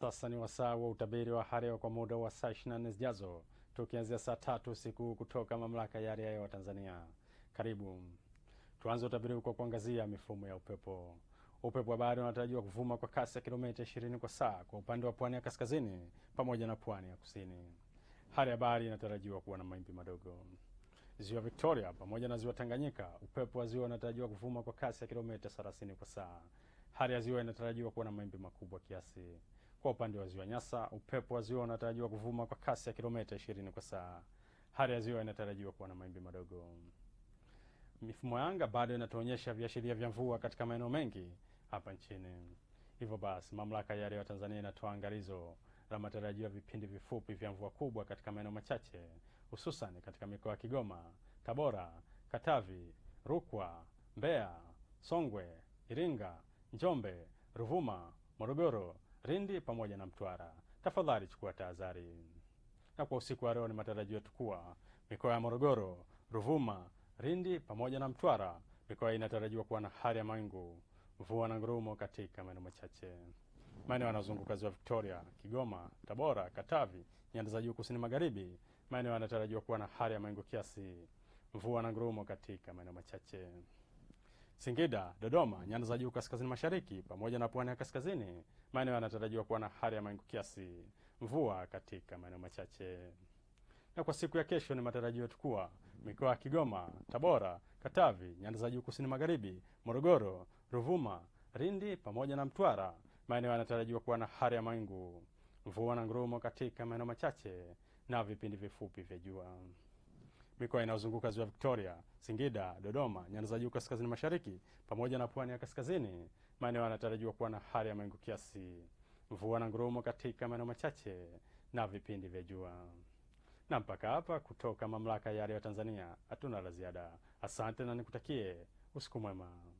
Sasa ni wasaa wa utabiri wa hali ya hewa kwa muda wa saa 24 zijazo, tukianzia saa tatu usiku kutoka Mamlaka ya Hali ya Hewa Tanzania. Karibu tuanze utabiri kwa kuangazia mifumo ya upepo. Upepo wa bahari unatarajiwa kuvuma kwa kasi ya kilomita 20 kwa saa kwa upande wa pwani ya kaskazini pamoja na pwani ya kusini. Hali ya bahari inatarajiwa kuwa na mawimbi madogo. Ziwa Victoria pamoja na ziwa Tanganyika, upepo wa ziwa unatarajiwa kuvuma kwa kasi ya kilomita 30 kwa saa Hali ya ziwa inatarajiwa kuwa na mawimbi makubwa kiasi. Kwa upande wa ziwa Nyasa, upepo wa ziwa unatarajiwa kuvuma kwa kasi ya kilomita 20 kwa saa. Hali ya ziwa inatarajiwa kuwa na mawimbi madogo. Mifumo ya anga bado inatuonyesha viashiria vya mvua katika maeneo mengi hapa nchini. Hivyo basi, Mamlaka ya Yari ya Tanzania inatoa angalizo la matarajio ya vipindi vifupi vya mvua kubwa katika maeneo machache, hususan katika mikoa ya Kigoma, Tabora, Katavi, Rukwa, Mbeya, Songwe, Iringa Njombe, Ruvuma, Morogoro, Lindi pamoja na Mtwara. Tafadhali chukua tahadhari. Na kwa usiku wa leo, ni matarajio yetu kuwa mikoa ya Morogoro, Ruvuma, Lindi pamoja na Mtwara, mikoa inatarajiwa kuwa na hali ya mawingu, mvua na ngurumo katika maeneo machache. Maeneo yanazunguka ziwa Victoria, Kigoma, Tabora, Katavi, nyanda za juu kusini magharibi, maeneo yanatarajiwa kuwa na hali ya mawingu kiasi, mvua na ngurumo katika maeneo machache. Singida, Dodoma, nyanda za juu kaskazini mashariki pamoja na pwani ya kaskazini, maeneo yanatarajiwa kuwa na hali ya mawingu kiasi, mvua katika maeneo machache. Na kwa siku ya kesho ni matarajio yetu kuwa mikoa ya Kigoma, Tabora, Katavi, nyanda za juu kusini magharibi, Morogoro, Ruvuma, Lindi pamoja na Mtwara, maeneo yanatarajiwa kuwa na hali ya mawingu, mvua na ngurumo katika maeneo machache na vipindi vifupi vya jua mikoa inayozunguka ziwa Victoria, Singida, Dodoma, nyanda za juu kaskazini mashariki pamoja na pwani ya kaskazini. Maeneo yanatarajiwa kuwa na hali ya mawingu kiasi, mvua na ngurumo katika maeneo machache na vipindi vya jua. Na mpaka hapa kutoka mamlaka ya yale ya Tanzania hatuna la ziada. Asante na nikutakie usiku mwema.